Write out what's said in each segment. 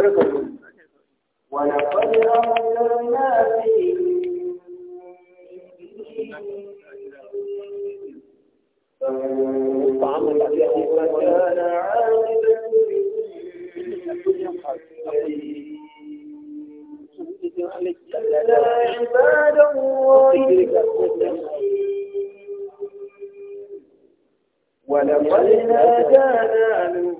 بركة ولقد أرسلنا فعمل عليه وكان عاقبة إلا عباد الله ولقد نادانا نوح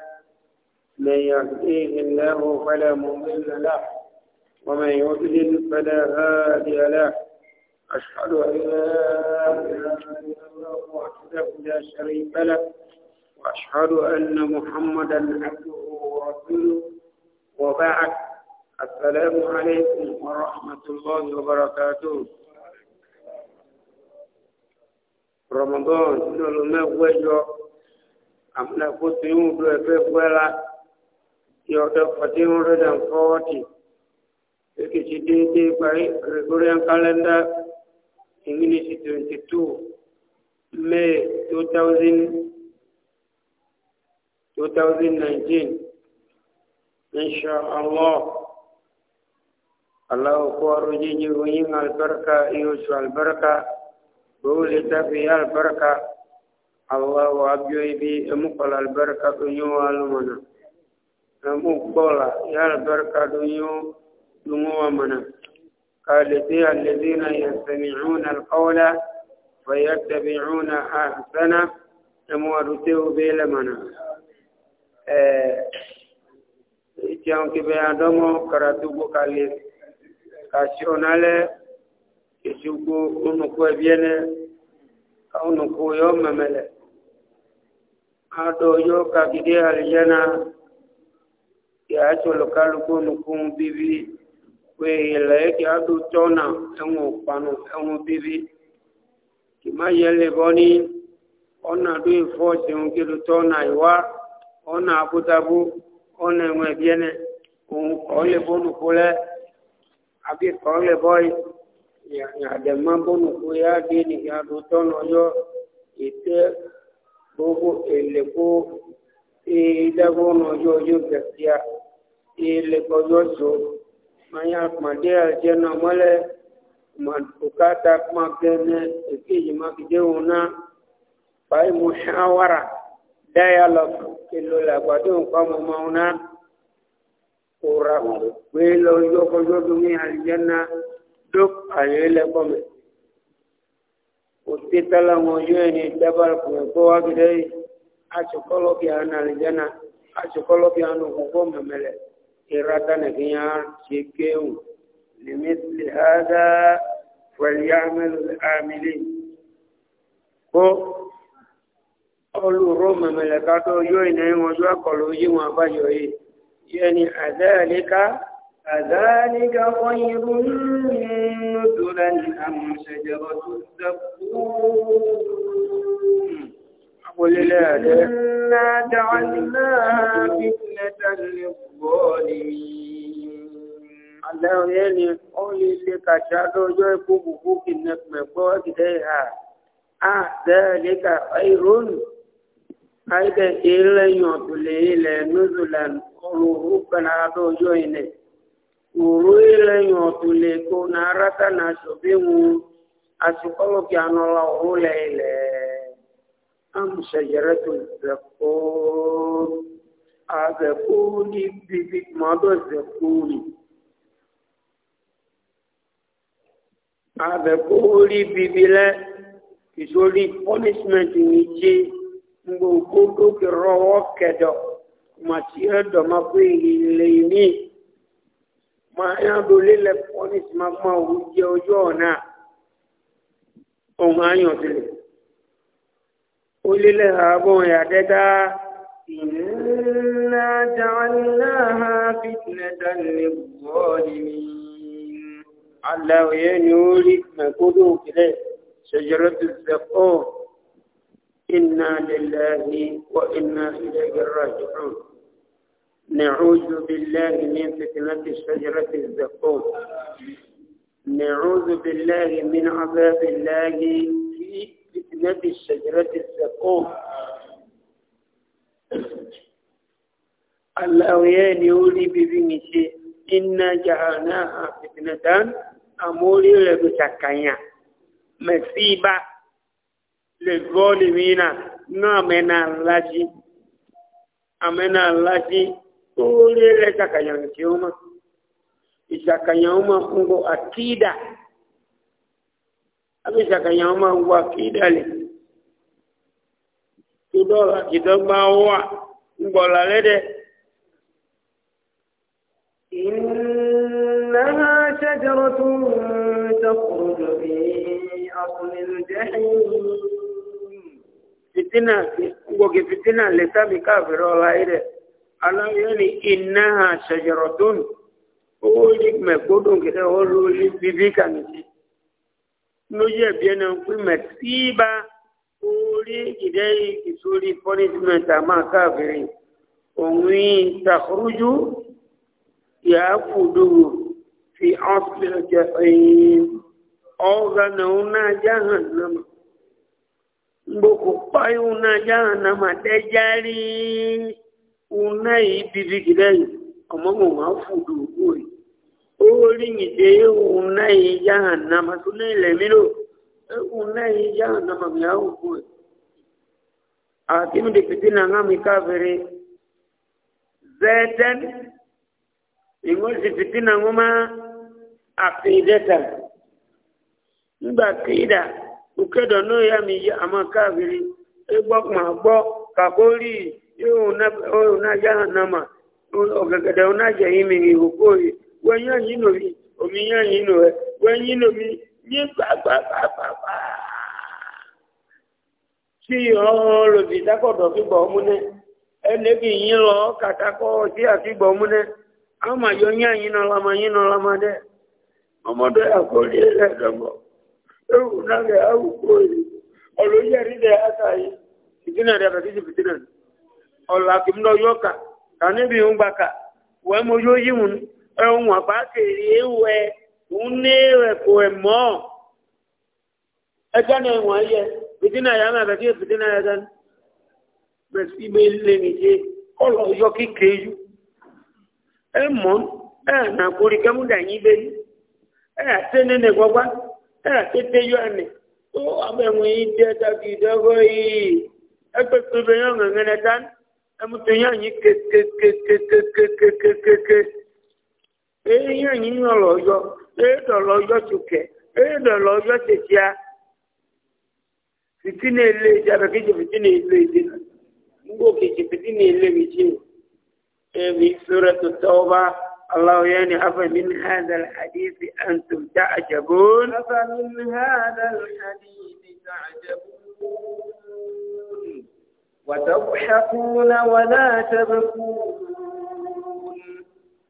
من يهديه الله فلا مضل له ومن يضلل فلا هادي له أشهد أن لا إله إلا الله وحده لا شريك له وأشهد أن محمدا عبده ورسوله وبعد السلام عليكم ورحمة الله وبركاته رمضان نلو ما وجه أمنا كنت يوم بلا ti ọdọ fourteen hundred and forty tó kì í ṣe déédéé parí gregorian calendar english twenty two may two thousand two thousand nineteen insha allah alahu kó ọrọ jíjí oyin albarka iyosu albarka gbogbo lè tàbí albarka alahu abiyo ibi emukola albarka tó yíwọ alumọ̀nà. namu gbola yara barka dunyo dunwa kale kalisi alladina yastami'una alqawla fayattabi'una ahsana namu aruteu bela mana eh ikiam be adomo karatu ko kale kasionale uno ko viene unuko uno ko yo memele ado yo ka kakide aljana kí a sọ̀lọ̀ bíbí pé ilẹ̀ kí a tó tọ́nà ẹ̀wọ̀n panu ẹ̀wọ̀n bíbí kì má yẹ lè bọ́ ní ọ̀nà tó ìfọ́ ṣeun kí ló tọ́nà ìwá ọ̀nà àbútabú ọ̀nà ẹ̀wọ̀n òun kọ́ lè bọ́ nukú lẹ́ àbí kọ́ lè bọ́ bọ́ nukú a tó tọ́nà yọ ìtẹ́ gbogbo èlé kó ọjọ́ ọjọ́ gẹ̀ẹ́sì ile kodoso maya madia jena mole matukata kuma gene ikiji makije una bai mushawara dialogue kilo la kwadu kwa mauna ora welo yoko yodumi aljanna duk ayele kome utitala moyoni dabal kuma ko wagidai achokolo bi ana aljana achokolo bi anu ko memele إرادنا فيها شكيو لمثل هذا فليعمل العاملين kó olùró mẹ̀mẹ̀lẹ̀ká tó yóò iná ìwọ̀njú àkọlù yí wọn àbáyọ̀ yìí yẹ́ ni àdáàlíká àdáàlíká wọ́n yí rúrùn tó lẹ́ni àmọ̀ṣẹ̀jẹ̀rọ̀ tó dẹ̀kú الظالمين الله يعني أولي لكشادو جوكو بفوك النكمة كديها ذلك خير أيضا إلا نادو جوينه na arata na asobenwu asukọlọki anọla ụlọ azẹ̀kúrì bíbí mọ́dọ̀ zẹ̀kúrì. azẹ̀kúrì bíbí lẹ́ ìsórí punishment ní ṣe gbogbo dókè rọwọ́ kẹdọ̀ màtí ẹ̀dọ̀ máa pé ilé ní máa ń le lẹ punishment máa wù jẹ ojú ọ̀nà ọmọ ayọ̀dẹ̀lẹ̀ ó lé lẹ́hàá bọ́n yàtẹ́ta. إنا جعلناها فتنة للظالمين على وينوري مكودو كده شجرة الزقوم إنا لله وإنا إليه راجعون نعوذ بالله من فتنة شجرة الزقوم نعوذ بالله من عذاب الله في فتنة شجرة الزقوم aláwòyẹ́ ni ó rí bíbí mi ṣe iná a àfìsìnàdán àmórí rẹ̀ bí ṣàkàyà mẹ̀síbà lè gbọ́ lè mìíràn náà mẹ́nà lájí àmẹ́nà lájí ó rí rẹ̀ ṣàkàyà tí ó mọ̀ ìṣàkàyà ó mọ̀ ń gbọ́ àkídà àbí ìṣàkàyà ó mọ̀ ń gbọ́ àkídà lè kidọ́la kidọ́gba wà ńgbọ̀là lẹ́dẹ̀. إنها شجرة تخرج في أصل الجحيم fitina ngoge fitina leta mi kafir ola ire ala yani innaha shajaratun o ligme godon kede o lo li bibi kaniti no ye orí ìdẹ́yì ìsórí punishment àmà káàbìrì òun ìtàkùrújú ìyàfùdù fi hospital jẹ ẹyìn ọ̀gánà òun náà jáhàn náà gbogbo páyé òun náà jáhàn náà mà tẹ́járí òun náà yìí bíbí ìdẹ́yì ọmọmọ máa fùdù òkú rẹ̀ orí ìdẹ́yì òun náà yìí jáhàn náà mà tún ní ilẹ̀ mìíràn. unai jana mami au kwe akimu ah, dipitina ngami kafiri zeten ingol sipitina nguma akidatan ngba kida ukedo no ya mi ama kafiri egbo ma gbo yo na o na ogagada ona imi ni kokoi wenyan yino bi omiyan yino yé gbàgbàgbàgbà tí ọlọ́ọ̀lọ́bì dákọ̀dọ̀ fígbọ̀ ọmúnẹ́ ẹnẹ́bì yín lọ kàtàkọ́ ọjí àfígbọ̀ ọmúnẹ́ ọmọ àjọ yín àyínà lọ́mọ dẹ́ ọmọdé àkọlé ewu náà ọlọ́yẹ yìí ìdínà rẹ̀ ọ̀là yọ ń gbà mo yóò yí wọn àbá kèrè unewe kuwemo ekane ngwaye fitina ya ma bati fitina ya dan besi mele nje olo yo kikeju emon eh na kuri da e e te o ide ta yi e yo ngene dan ke ke ke ke ke ke ke ke ke eyi anyi ɔlɔyɔ edo lɔyɔ tsokɛ edo lɔyɔ tsetia fitine ele dza bɛ kedze na ele de na nugo kedze fitine ele mi tse ebi sora to Allah alahu yani afa min hada alhadisi antum ta ajabon. afa min hada alhadisi ta ajabon.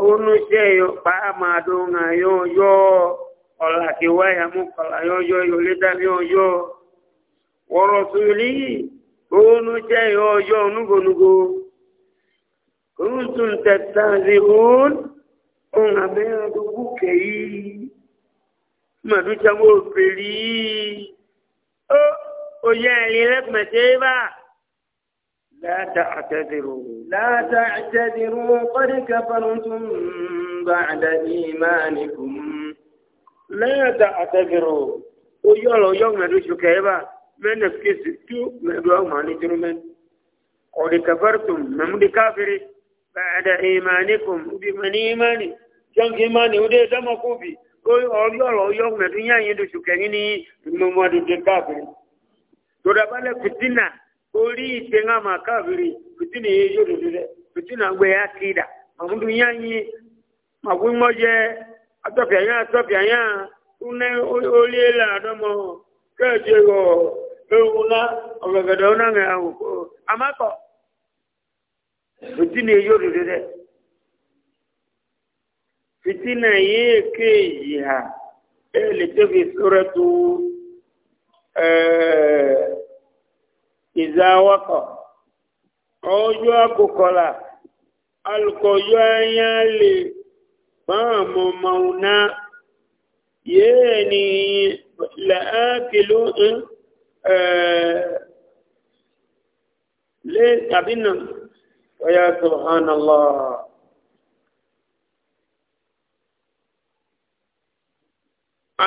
ounuse yo paama donga yo yo ola kiwaya mukala yo yo yolita yo yo warasuli ounuse yo yo nugo nugo kuntum tattazihun onga bea dubuke yi maducha mo peli o oye ali lek meseba لا تعتذروا لا تعتذروا قد كفرتم بعد إيمانكم لا تعتذروا ويلا يوم ندوش كيبا من نفكس تو مدوا ماني جرمن قد كفرتم من كافر بعد إيمانكم بمن إيماني جنك إيماني ودي دمكو بي ويلا يوم ندوش كيبا من نفكس تو مدوا ماني جرمن قد كفرتم نمد كافر تدبال فتنة orí ìtẹ̀ngá máa káàbìrì fìtínà yé yóò dòdò rẹ̀ fìtínà gbé ma kéèdà màmúdù yá yín màgbé mọ́jẹ́ atọ́fìà yá atọ́fìà yá túnẹ́ orí ẹ̀là àdọ́mọ kẹ́ẹ̀jẹ̀ rọ̀ ewu ná ọ̀gẹ̀gẹ̀dẹ̀ ọ̀nà rẹ̀ àwòkọ́ amákọ̀ fìtínà yé yé hà ẹ̀ lè ẹ̀ẹ́. ìzá wakọ̀ ọjọ́ akùkọ̀là alùkọ̀yọ́ ẹ̀yà lè báàmọ̀ mauna yẹ́ ni làákìlú lé tàbí náà ọ̀yà subhanallah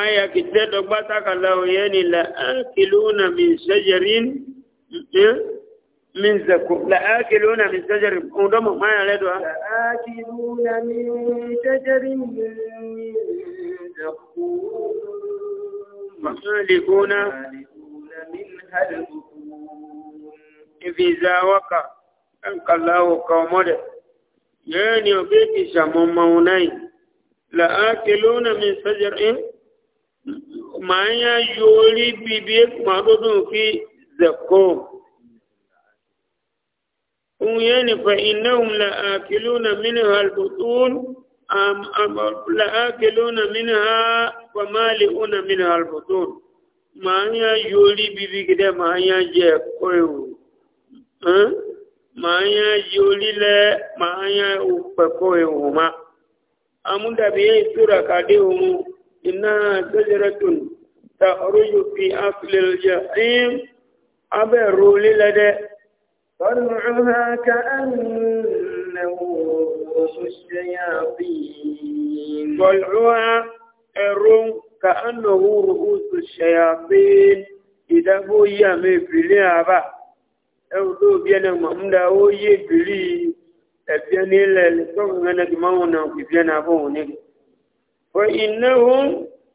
aya kìtẹ́dọ̀gbátákàlà òyẹ́ ni làákìlú na min shajarin من زكو لآكلون من شجر قدام ما لا لآكلون من شجر من زقوم مالكون هذا البطون إذا وقع ألقى الله قومه يعني وبيت شام لا لآكلون من شجر ما يجولي بيبيك ما في zakom ohun yẹn nìfẹ ináhùn làákìlú na mínú albutun làákìlú na mínú ha pàmáàlì ọ̀nà mínú albutun màá yá yọrí bíbí gidẹ màá yá jẹ ẹ̀kọ́ ìwò màá yá yọrí lẹ màá yá òpẹ̀kọ́ ìwò má amúdàbí yẹn ìṣúra kàdé òun iná sẹ́jẹrẹ́tùn ta ọ̀rọ̀ yóò fi áfìlẹ̀ jẹ́ ẹ̀yìn. أبروا للدى فرعها كأنه رؤوس الشياطين طلعها الروم كأنه رؤوس الشياطين إذا هو يامي بلي أبا أولو بيانا ممدا هو يبلي أبياني للكم أنا كما هنا بيانا فوني فإنهم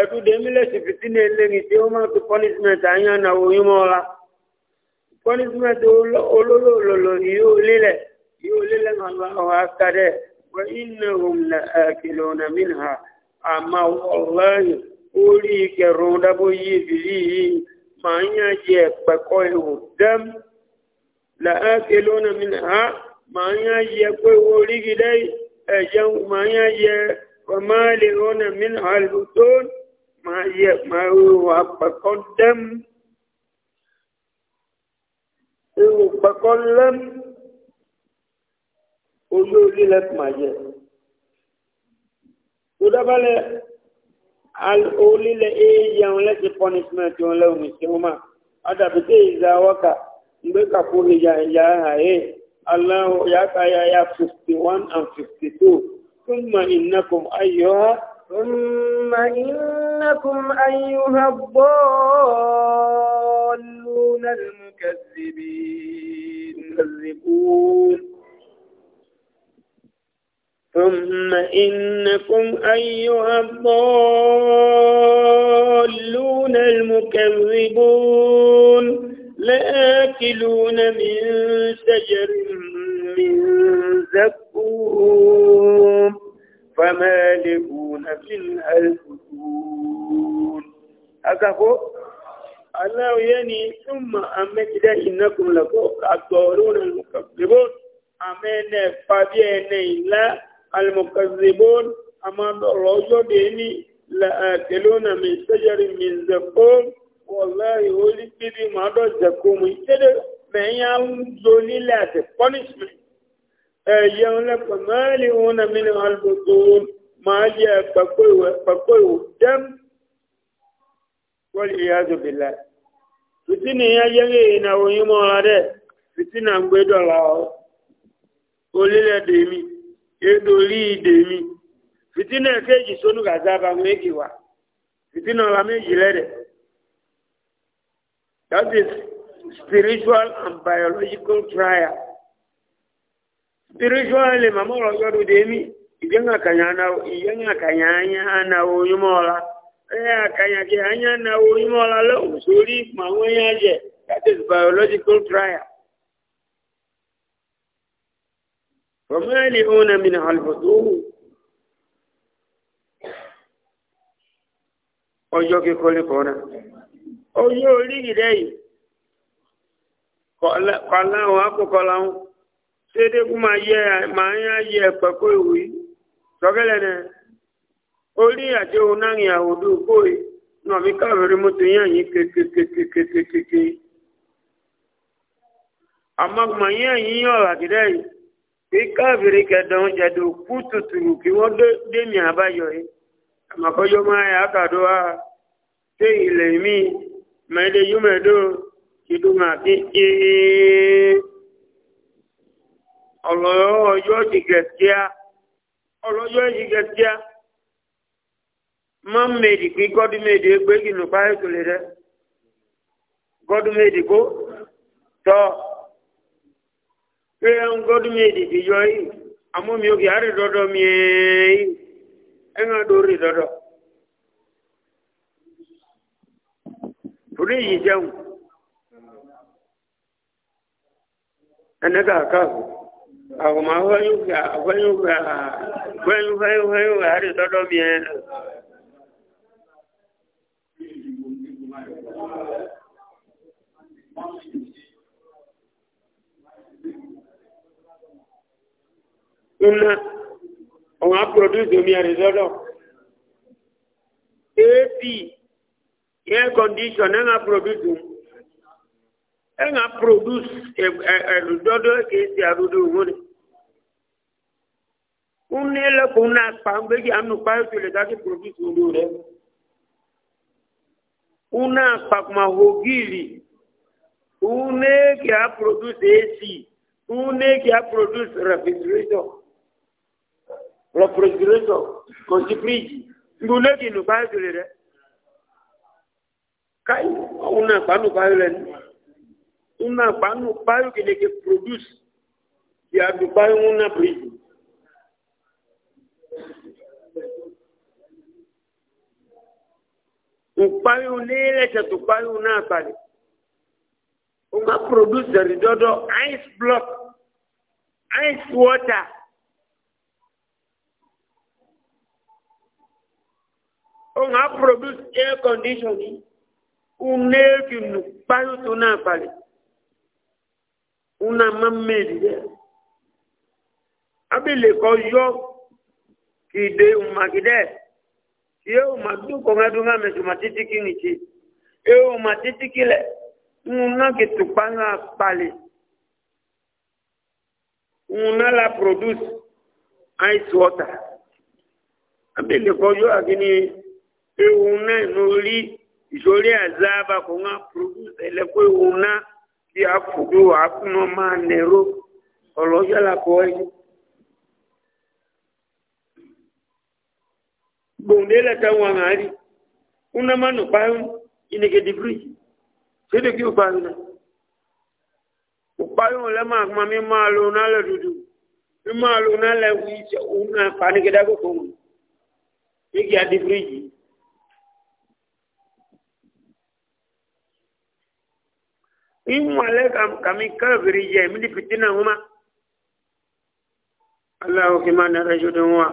ẹ̀dù dẹ́mílẹ̀sì fìtínà eléyìí tí ó máa fi punishment àyànnà oyún mọ́ra punishment olólòlòlò yóò lélẹ̀ yóò lélẹ̀ aláwọ̀ akadẹ́ wọ iná òmìnà àkìlọ̀ ọ̀nà mìíràn àmà ọ̀láyìn orí ìkẹrùn dábò yìí ìbílí yìí máa yàn jẹ pẹ̀kọ́ ihò dẹ́m làákìlọ̀ ọ̀nà mìíràn máa yàn jẹ pé orí gidẹ́ ẹ̀jẹ̀ máa ń yàn jẹ pẹ̀máàlì ọ̀nà mìíràn àlùtọ́nù. máa yẹ máa wíwà pẹ̀kọ́ dẹ́m ìwò pẹ̀kọ́ lẹ́m ojú olílẹ̀ máa yẹ. tó dábàlẹ̀ olílẹ̀ èèyàn e, lẹ́sìn punishment wọn lẹ́wọ̀n ìṣẹ́wọ́n máa adàbí tí ìzà wọ́kà ìgbé kàpọ̀ ìyà ìyà àyè aláwọ̀ yàtà yàyà fifty one and fifty two túmọ̀ ìnákùn ayọ̀ ha. ثم إنكم أيها الضالون المكذبين كذبون ثم إنكم أيها الضالون المكذبون لآكلون من شجر من زكوم فمالئون منها الفتون أكفو الله يعني ثم أمت إنكم لكم الضالون المكذبون أمين فبين إلا المكذبون أما الرجل لآكلون من شجر من زقوم والله هو اللي بيبي ما دو زقوم يتدر من يعود ذلك punishment ẹ̀yẹun lẹ́pọ̀ mẹ́rin òun náà mi ní alùpùpù máa yẹ pẹ̀pẹ́ ìwò dẹ́m wọ́n lè yá tóbi la fìtínì ayẹyẹ ìnáwó yín mọ́ra dẹ́ fìtínà ń gbé dọ̀la ọ́ olílẹ̀ dèmi edoli dèmi fìtínà kejì sónú gàzába méjì wá fìtínà ọ̀la méjì lẹ́dẹ̀ that is spiritual and biological trial spiritually mamoro yodu demi ijenga kanyana ijenga kanyanya na uyumola eh kanya kanya na uyumola lo usuri mawenyaje that is biological trial ومالئون منها الفتور ọjọ́ kíkọ́ lẹ́kọ̀ọ́ náà ọjọ́ orí ìdẹ́yìn kọ̀ọ̀láwọn akókọ̀ọ́láwọn dédé kú ma yẹ máa ń yẹ ẹ̀pẹ̀ kó ìwé sọ́kẹ́lẹ̀ náà orí àti òun náà rìn àwòdù kó e náà mi káàbẹ̀rẹ̀ mọ́tò yẹn dza kí káàbẹ̀rẹ̀ kẹdàn jẹ̀dọ̀ kú tutù kí wa mi ọlọ́yọ́ di gẹ̀ẹ́sìá ọlọ́yọ́ di gẹ̀ẹ́sìá máa ń mèdì pé gọ́dúmèdì gbé gìnnù báyìí tó lè rẹ gọ́dúmèdì kó tọ́ pé ń gọ́dúmèdì ti yọ yìí àmọ́ mi ò kì á rí dọ́dọ̀ mi yìí ẹ̀ ń dò rí dọ́dọ̀. torí yìí jẹun ẹnẹ́gà káàkiri. àwọn máa wọ́n yóò gbà wọ́n Nna ọ̀hún produce omi ẹ̀rẹ̀ sọ́dọ̀. AP air condition ẹ̀ produce ẹ̀ produce ẹ̀rù dọ́dọ̀ kìí un eleko una pambeji anu payo tule daki produce ndure una pakma hogili une ki a produce AC une ki a produce refrigerator refrigerator kosi friji ndune ki nu payo tule re kai una panu payo le una panu payo ki ne ki produce ki a du una friji ukpayu lile cha tukpayu na pale unga producer dodo ice block ice water unga produce air conditioning uneki nukpayu tuna pale una mamedi eh. abile ko yo kide umakide yóò máa dúkọ̀ ká dún ká mẹ́tò máa títí kí ni ṣe yóò máa títí kí lẹ̀ ń ná kí tùpá ńlá la produce ice water abẹ́lẹ̀ kọjú àkíní ewu náà lórí ìṣòrí àzáàbà kò ńlá produce ẹlẹ́kọ́ ewu náà kí a fòdó àkúnná máa nẹ̀rọ ọ̀lọ́jọ́ làkọ́ gbòǹde lẹ́tà wọn àárí ńnàmà nù báyìí ìnìkejì bíríjì kéde kí na, báyìí náà o báyìí lẹ́mọ̀ àgbà mi máa lò nálẹ̀ dúdú mi máa lò nálẹ̀ wí òun náà fanigidá kòkó wọn yíkì àti bíríjì. ìmọ̀lẹ́ kàmi káfìrí jẹ́ mi ní fìtínà wọn. aláwo kì í máa nà ẹjọ́ dùn wọn.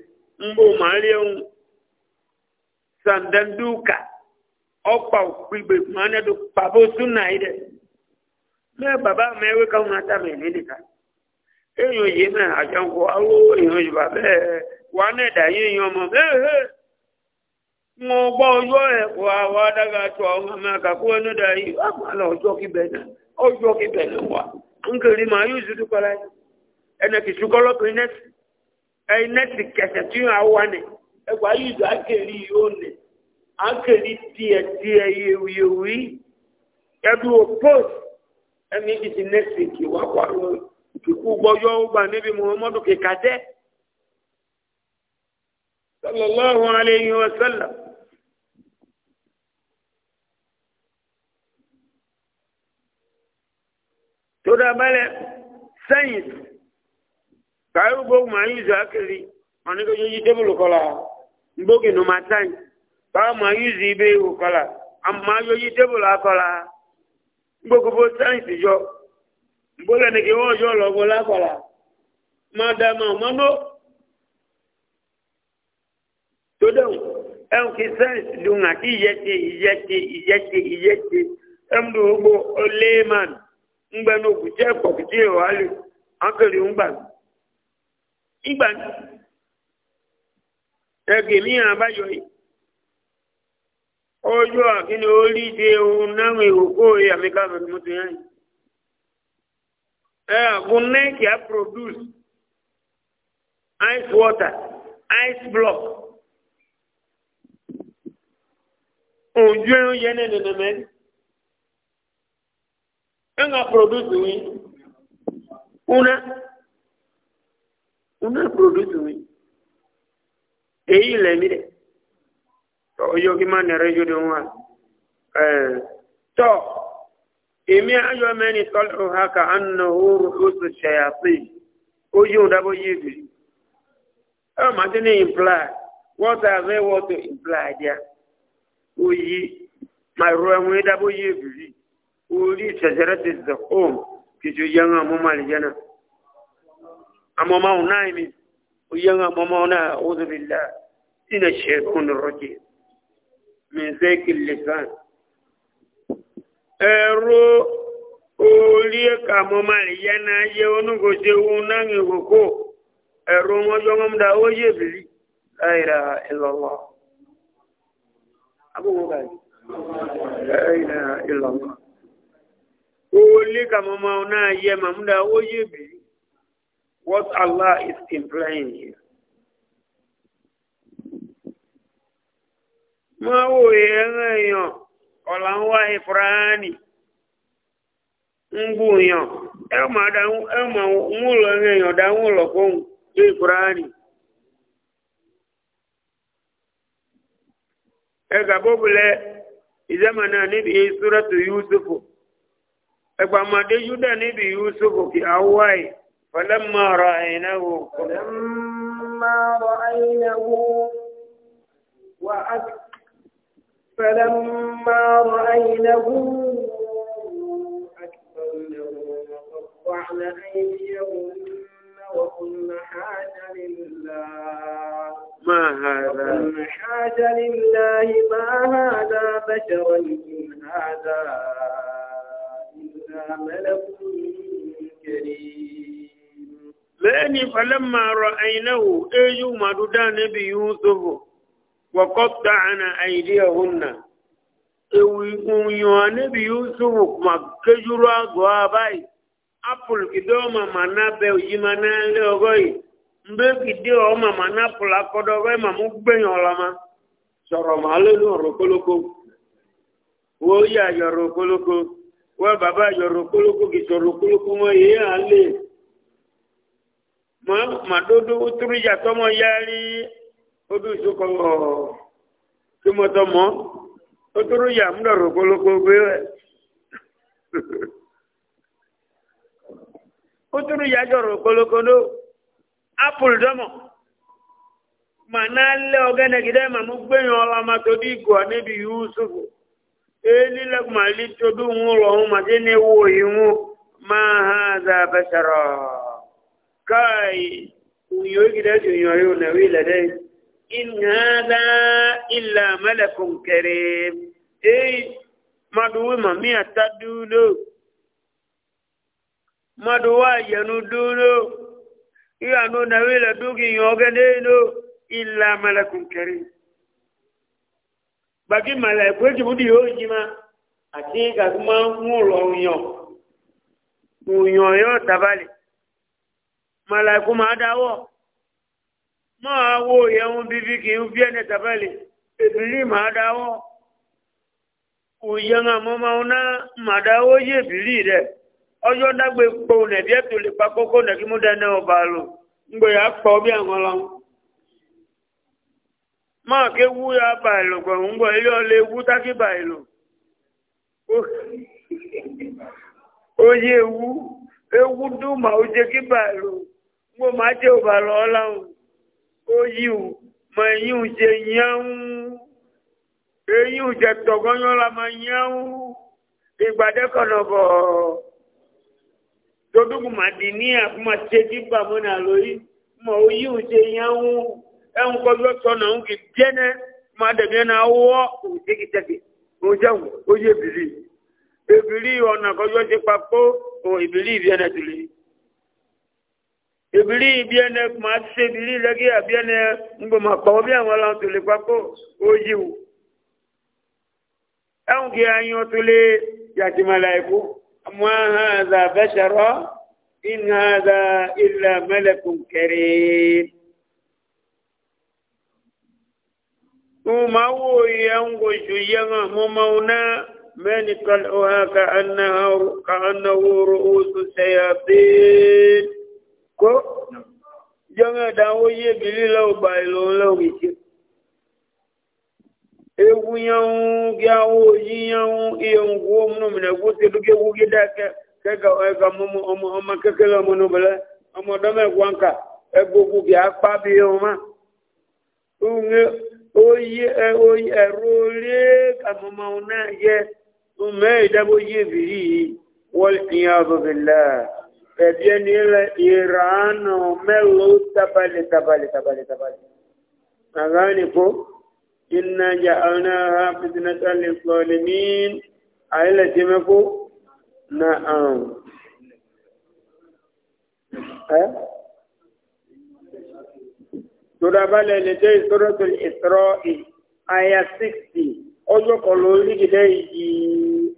mgbe malion sandanduka ọkpa okpigbe mana do pabo suna ide me baba me we ka una ta me ka ye ajan ko awo ba be wa ne da yin yo mo he mo ojo e ko awa daga to o ma ka ko nu da yi a ma lo ojo ki be na ojo ki be na wa nkiri ma du pala ki ẹ̀yìnẹ́tì kẹsẹ̀ tí wọ́n wá ní ẹgbà yìí àkèrè yóò ní àkèrè díẹ̀ díẹ̀ yẹ̀wìyẹ̀wì ẹbí wò post ẹni ìdí nẹ́tì kì wá wà lọ kíkú gbọdọ ọgbà níbi muhammadu kìkà jẹ́ sallallahu alayhi wa sallam. tó kayo gbogbo ma ń lìzọ akiri ọ̀nà tó yí débùlù kọlà gbógi nù ma tán báwo ma yí zi ibi gbogbo jọ gbogbo ẹni kí wọ́n jọ kọla ma gbogbo ọlẹ́ẹ̀mán ń gbẹ́nu òkùtẹ́ ẹ̀kọ́ kìtì ìwà ìgbà ní ẹgbẹ̀ mìíràn báyọ̀ yìí ọjọ́ àkíní orí dé ohun náà ìwòkó àmìká mẹ́tìmọ́tì yẹn ẹ àgún nẹ́ẹ̀kì á produce ice water ice block òjú ẹ̀rọ yẹn nẹ̀ nẹ̀ mẹ́rin ẹ̀ ń ga produce wí kúnná. una produce mi eyi le ọ de to oyo ki ma ne rejo de wa eh to emi ayo meni qalu haka annahu ruhus shayatin oyo da bo yidi o ma de imply what are they what to imply there oyi ma ro enwe da bo yidi ori sejerati zakum yanga أماما ونايمي ويانا أماما ونا أعوذ بالله من الشيطان الرجيم من ذيك اللسان ẹ̀rọ orí ẹ̀ka mọ́má ìyá náà yẹ onúgòjẹ́ ohun náà ń gbogbo ẹ̀rọ mọ́jọ́ mọ́mdá ó yẹ bìlí láìra ìlọ́wọ́ agbóhùn báyìí láìra ìlọ́wọ́ orí ẹ̀ka mọ́má náà yẹ mọ́mdá ó What Allah is implying here. ma wo yẹn èèyàn ń wá ìfúráánì ya bù yàn ẹ máa ń lọ èèyàn ìfúráánì. ẹ gàbóbulẹ ìzẹ́mọ̀ náà níbi ìṣúrẹ́tù yusufu ẹgbàmọ̀dé júdà níbi yusufu kì á فلما رأيناه فلما رأيناه وأك فلما رأينه أكبرنه وقطعن أيديهن وقلن حاج لله ما هذا وقلن حاج لله ما هذا بشرا إن هذا إلا ملك كريم lẹ́ni falẹ́mà rọ àìnáwó éyú màdúdá níbi yúúsùfù wọ̀kọ́ta àna àìdí ọ̀húnnà ewu ìyàn níbi yúúsùfù ma kéjúrú àgọ́ àbáyì apple kìdé ọmọ màná bẹ òjì màná lé ọgọ́ yìí mbẹ́ kìdé ọmọ màná pùlà kọ́dọ̀ ọgọ́ yìí màmú gbẹ̀yàn ọ̀làmà sọ̀rọ̀ màá lé ní ọ̀rọ̀ kólókó wọ́n yà yọ̀rọ̀ kólókó wọ́n bàbá yọ̀rọ̀ kólókó kólókó mọ́ màdódó túrújà tọmọ yáárí odò ìṣokọ tìmọtọmọ otúrújà múdọrọ kólókó gbé rẹ otúrújà jọrọ kólókó dó apple dọmọ màná lé ọgẹnẹgidẹ màmú gbẹyìn ọlọmọ tó dí ìgò níbi yusufu èyí lẹkùn màlí tó dùn ún lọhùn màdé ní ewu òyìn ún máa hàn dà bẹsẹrọ kai unyogi da unyoyo na wila dai in hada illa malakun karim eh maduwe mami atadulo maduwa yanu dulo iyanu na wila dugi yoga deno illa malakun karim bagi malakun ejibudi yojima àti ìgbà tó máa ń mú ọ̀rọ̀ òyàn òyàn yóò tabalẹ̀ malaiku ma dawo ma wo yẹun bíbí bí ẹni tàbẹ́lì ìbílí ma dawo òye ńà mọ́ máa ná ma ebili yé ìbílí rẹ̀ ọjọ́ dágbe kpo nẹ̀bí ẹ̀tọ́ lè pa kókó nẹ̀kí mú ọba lò ńgbè yà bí àwọn lọ. ya bà ìlò pẹ̀lú ilé wú tákì bà ó ewu ewu dùn mà ó kí bà mo máa jẹ́ òbá lọ ọláhùn ó yí ò mọ ẹ̀yìn ò jẹ yẹ́hún ẹ̀yìn ò jẹ tọ̀gọ́yán la máa yẹ́hún ìgbàdẹ́kọ̀nà bọ̀ tọdún mà dì ní àfúnmà ṣe dígbà mọ́nà lórí mọ̀ ó yí ò jẹ yẹ́hún ẹ̀hún kọjú ọ̀tọ̀nà ń kì jẹ́nẹ́ máa dẹ̀bí ẹ̀nà wọ́ òjèkìtẹ̀kì òjẹ̀wò ó yé bìrì èbìrì ọ̀nà kọjú ọ̀ṣẹ́ papọ̀ ò ìbìrì ìbí ẹ̀nà tìlẹ̀ ibiri biene ma se biri lagi ya biene ngbo ma ko bi àwọn lan to le papo ojiwu àwọn ki ayo to le ya ti malaiku ma hadha bashara in hadha illa malakun karim mo ma wo ye ngo ju ye mo ma una mani kal oha ka annahu ka annahu ru'usu shayatin kó jọ́nà ìdánwò yé bìlí lọ́gbà ìlò lọ́wọ́ ìṣe ewu yanwu kí awo yi yanwu iyanwu wo mu minɛ kó te duke wu ki da kɛ kɛ ka ɛ ka mɔmɔ ɔmɔ ɔmɔ kékeré ɔmɔ nu bɛlɛ ɔmɔ dɔmɛ guanka ɛgbogbo bi akpa bi yɛ ɔmɔ ŋe oyi náà yɛ mɛ ìdábò bìrì wọlé ìyá ɔbɛbɛ lẹ́ẹ̀ ẹ̀bí ẹni lẹ ìrànà mẹ́lòó tabali tabali tabali tabali. Àgbà ni kó iná jà ọ̀nà ha fitinà sálì sọ̀lì ní àìlẹ̀ tí mẹ́ kó na àrùn. Ẹ́ Tòdàbálẹ̀ lè jẹ́ ìṣòro tó ìṣòro àyà 60 ọjọ́ kan lórí ìdílé yìí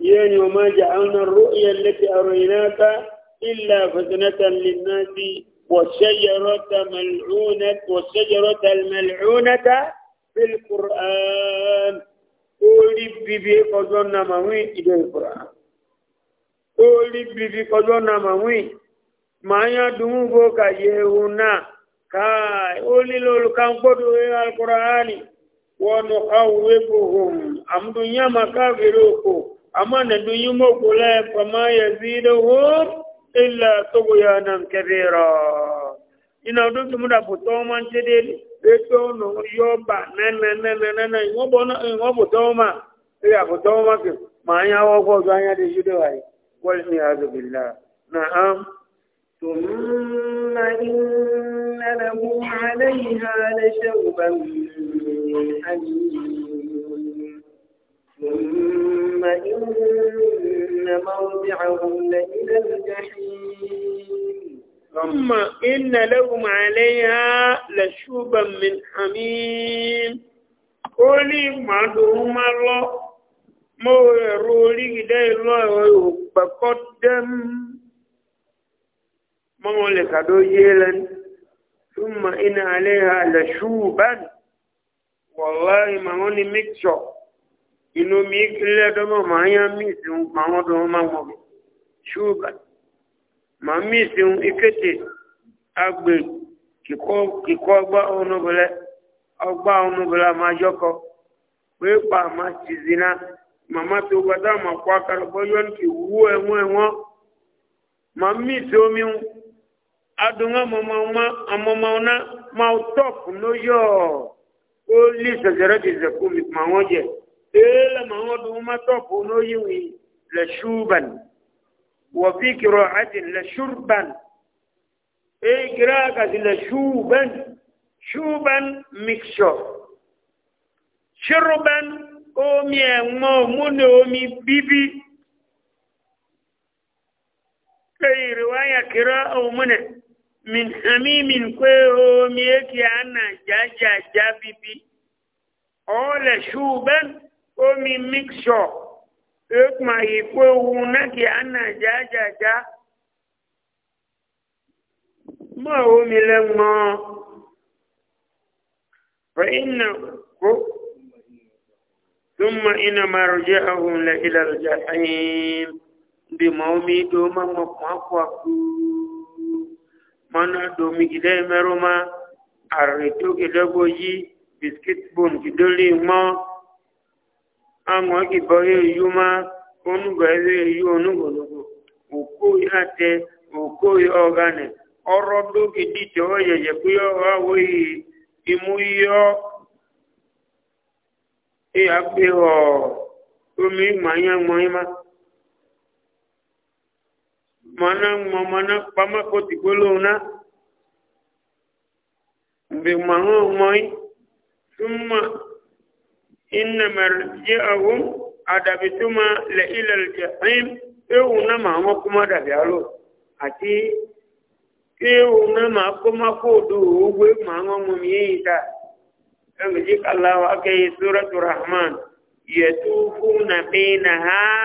يعني وما جعلنا الرؤيا التي أريناك إلا فتنة للناس والشجرة ملعونة والشجرة الملعونة في القرآن أولي بيبي قدونا موي إلى القرآن أولي بيبي قدونا موي ما يدوم بوكا يهونا كاي قولي لول كان قدو إلى القرآن ونخوفهم أمدنيا مكافروكم amma na dunyi moko la fama ya zida hum illa togoya nan kabira ina do tumu da foto man tede e to no yo ba na na na na na na ma ya foto ma ke ma ya wo ko ga ya de jude wai wal ni azu billah na'am ثم إن له عليها لشوبا من حميم ثم ثم إن موضعهم لإلى الجحيم ثم إن لهم عليها لشوبا من حميم قولي ما دوما الله mo ẹ̀rọ orí ìdá ìlú ọ̀rọ̀ òpẹ̀kọ́ dẹ́m mọ́wọ́n lè kàdó yé lẹ́nu túnmọ̀ iná alẹ́ ha lẹ̀ṣù báyìí wọ̀lá ìmọ̀ wọn ni mixture inú mi kílẹ̀ dọ́mọ̀ máa ń yá mí ìsìn pàwọn máa wọ̀ ṣúgbà máa mí ikéte agbè kíkọ́ ọgbà ọ̀nàbọ̀lẹ̀ ọgbà ọ̀nàbọ̀lẹ̀ máa ma pé pa máa ti zina màmá tó gbadá máa kó akárọ̀ bọ́yọ́ ní wú omi máa lóyọ̀ ó lè ti mi إلا ما هو ما تقول يوي لشوبا وفي قراءة لشربا إيه قراءة لشوبا شوبا مكشر شربا أمي أمو من أمي بيبي كي رواية قراءة منه min hamimin kwe omi yake ana jajaja bibi ole shuban omi mixture ekuma ikpo ewu nagi ana jajaja ma omi lẹ mọ fẹyìnà kó tuma ina marujẹ ahun lẹ ilarujẹ ayin bi mọ omi do ma mọ kàn kọ kú mọnà domi gidẹ mẹrọ ma àrètò gidẹ bọ àwọn ìbọ̀ eyu máa onúgbà ilé eyu onúgbòlógbò òkú àtẹ òkú ọ̀gánì ọ̀rọ̀ lókè dìtẹ̀ ọ̀yẹ̀yẹ̀ pé ọ̀rọ̀ àwọ̀ ìmú yọ ìyá pé ọ̀ omi màáyánmọ́ímá inna marji'ahum adabituma la ila al-jahim euna ma mo kuma da yalo ati euna ma kuma ko du we ma mo mi ta en ji Allah wa ke suratu rahman yatufuna bainaha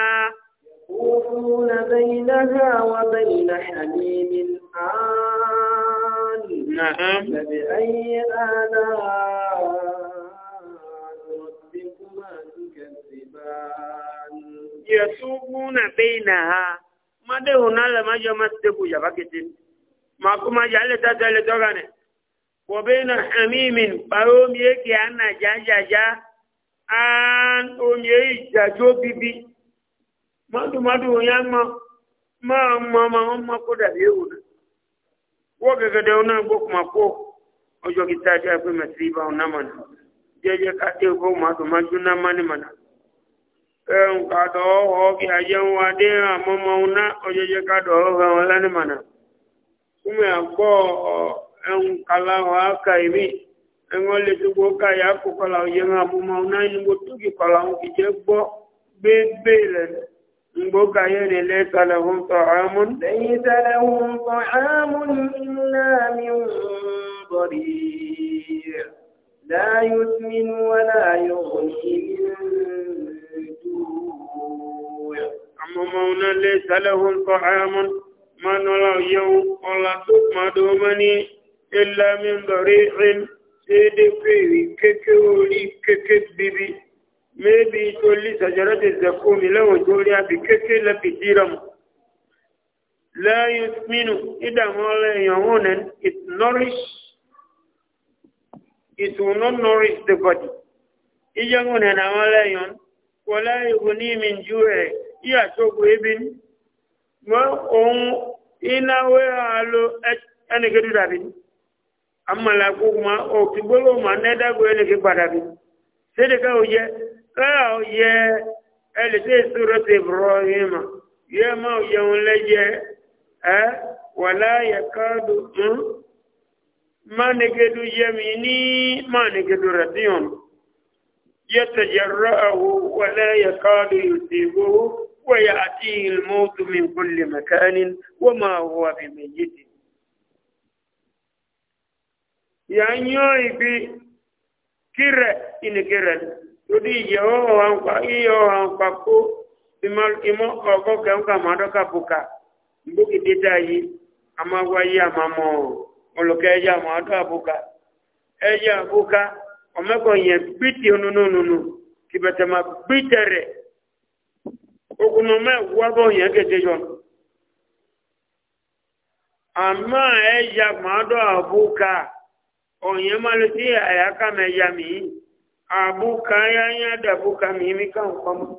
يطوفون بينها وبين حميم آن نعم فبأي آلاء yasubuna bainaha made hunala majo masdeku ya bakiti makuma jale tata le togane wa baina hamimin barom yake ana jajaja an omi jajo bibi madu madu yamma ma ma ma ma ko da yuna wo gaga da una go kuma ko ojo kitaji akwai masiba una mana jeje ka te go madu majuna mani mana ẹ̀rùn kàdọ̀ ọ̀họ̀ kí àjẹun adé àmọ́mọ́ ọ̀nà ọjọ́jẹ́ kàdọ̀ ọ̀họ̀ ẹ̀wọ̀n lánìmọ̀nà kúmẹ̀ àgbọ̀ ẹ̀rùn kàláwọ̀ áka ìmí ẹ̀wọ̀n lè tó gbó káyà لا ولا يغني من amomona le salahun ta'amun manola yau ola to madomani illa min dari'in sai dai kai keke ori keke bibi mebi tolli sajarati zakumi lawan joriya bi keke la fitiramu لا يثمن إذا ما يهون it nourish it will not nourish the body إذا هنا ما لا يهون ولا يغني من جوع yàtọ̀gbọ̀ ebi mọ́ ohun ináwó àlò ẹnìkẹ́ dúdàbí amọ̀làkó ma òkè gbólóhùn ma nẹ́dàgbọ̀ ẹnìkẹ́ gbàdàbí sédèkà òye káà òye ẹlẹ́tẹ̀ sọ̀rọ̀ tẹ̀ bọ̀rọ̀ yìí ma yẹ eh, hmm? ma òye òun lẹ́yẹ ẹ wàlá yẹ káàdù ń mánìkẹ́dù yẹmi ní mánìkẹ́dù rẹ̀ díọ̀nù yẹ tẹ̀jẹ̀ àwọ̀ yẹ káàdù yìí ويأتيه الموت من كل مكان وما هو بميت يعني يبي كرة إن كرة تدي يهو أنقا يهو أنقا كو imal imo ọkọ kẹńkà màdọkà bùkà mbókì dídá yìí amáwá yìí àmàmọ olùkẹ ẹyẹ àmàdọkà bùkà ẹyẹ àbùkà ọmọkọ yẹn gbìtì onúnúnúnú kìbẹtẹ máa gbìtẹ rẹ okunu mẹ́wàá bọ̀ yẹn kéde yọ. àmọ́ ẹ ya gbọ́dọ̀ àbúkà ọ̀yẹ́ máa lè sí àyàká mẹ́ya mi àbúkà yáyá dàbúkà mi mi ká nǹkan mọ́.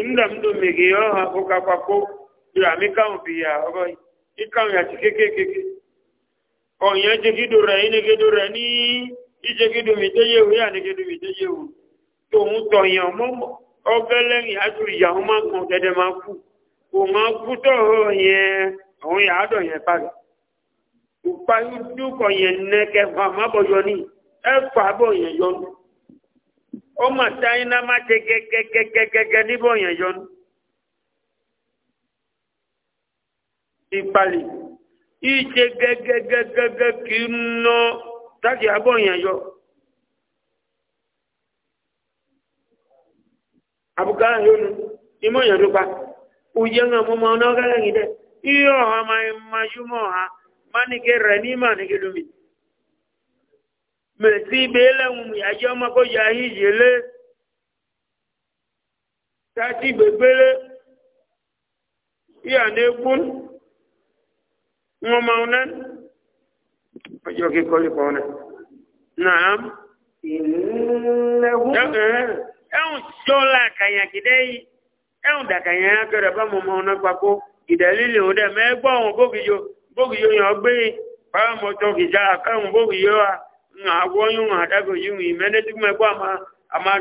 ìmúdà mi tó mègè yọ àbúkà papọ̀ ìrà mi káwọn fi yà ọ̀rọ̀ yìí ìkáwọn mi tẹ́yẹ̀wò yà nígédò mi yewu tòun tọ̀yàn mọ́mọ́. ọgẹ́lẹ́ ìyájú ìyàwó máa kàn tẹ́tẹ́ máa kú kò máa kú tó yẹn àwọn ìyàádọ̀ yẹn padà ìpayúdúkọ̀ yẹn nẹ́kẹ́ fàmábọ̀yọ ní ẹ̀fà bọ̀ yẹn yọnu ọmọ táyínà má ṣe gẹ́gẹ́gẹ́gẹ́gẹ́ níbọ̀ yẹn ìpalẹ̀ ìṣe gẹ́gẹ́gẹ́gẹ́gẹ́ kì í ná tájì abọ̀ yẹn yọ. abuka yonu imo yoruba ujenga mama na gala ngide iyo ha mai majumo ha mani ke rani mani ke lumi mesi bela mu ajo ma ko ya hi jele tati bebele iya ne bun ngoma unan ajo ke koli naam innahu ẹ̀hùn tọ́lá kànyà kìdẹ́ yìí ẹ̀hùn dàkànyà yà kẹrẹ bá mọ̀mọ́ ọ̀nà pàkó ìdẹ̀lílẹ̀ òun dẹ̀ mẹ́gbọ́ ọ̀hún bókìyó bókìyó yàn gbé báwọn tó kìjà àkàrùn bókìyó wa ń àwọ̀ yún yún àmà àmà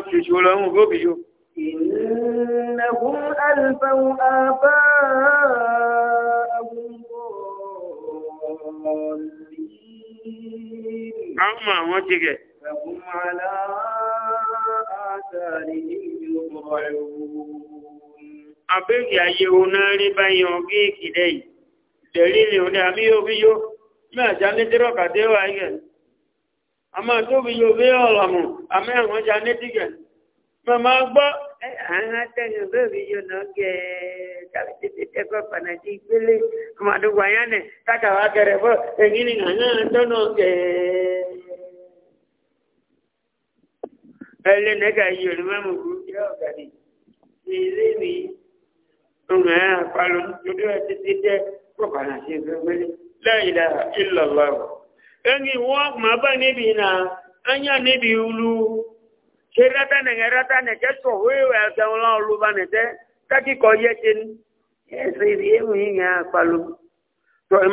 lọ́hùn آثارهم يهرعون abegi ayé wo náà rí báyìí wọn bí ìkìlẹ̀ yìí tẹ̀lé ni òní àmì yóò fi yó mí àjà ní tírọ̀kà dé wà yẹ àmà tó fi yó bí ọ̀làmù àmì àwọn ọjà ní tìgẹ̀ màmá gbọ́. àwọn atẹ́yìn bẹ́ẹ̀ fi yó náà gẹ̀ ẹ́ tàbí tètè tẹ́kọ̀ pàtàkì ẹlẹ́ nẹ́gà yìí olùmọ́mù kú jẹ́ ọ̀gàdì ní ilé mi ọmọ ẹ̀ àpalọ́ nítorí ẹ̀ títí jẹ́ pọ̀pàlà sí ìgbẹ́gbẹ́lẹ́ lẹ́yìn ìlọ̀lọ́ ẹni wọ́n níbi anya níbi ulu yẹ ṣe ìdí yìí yẹn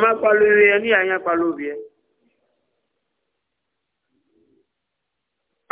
má ní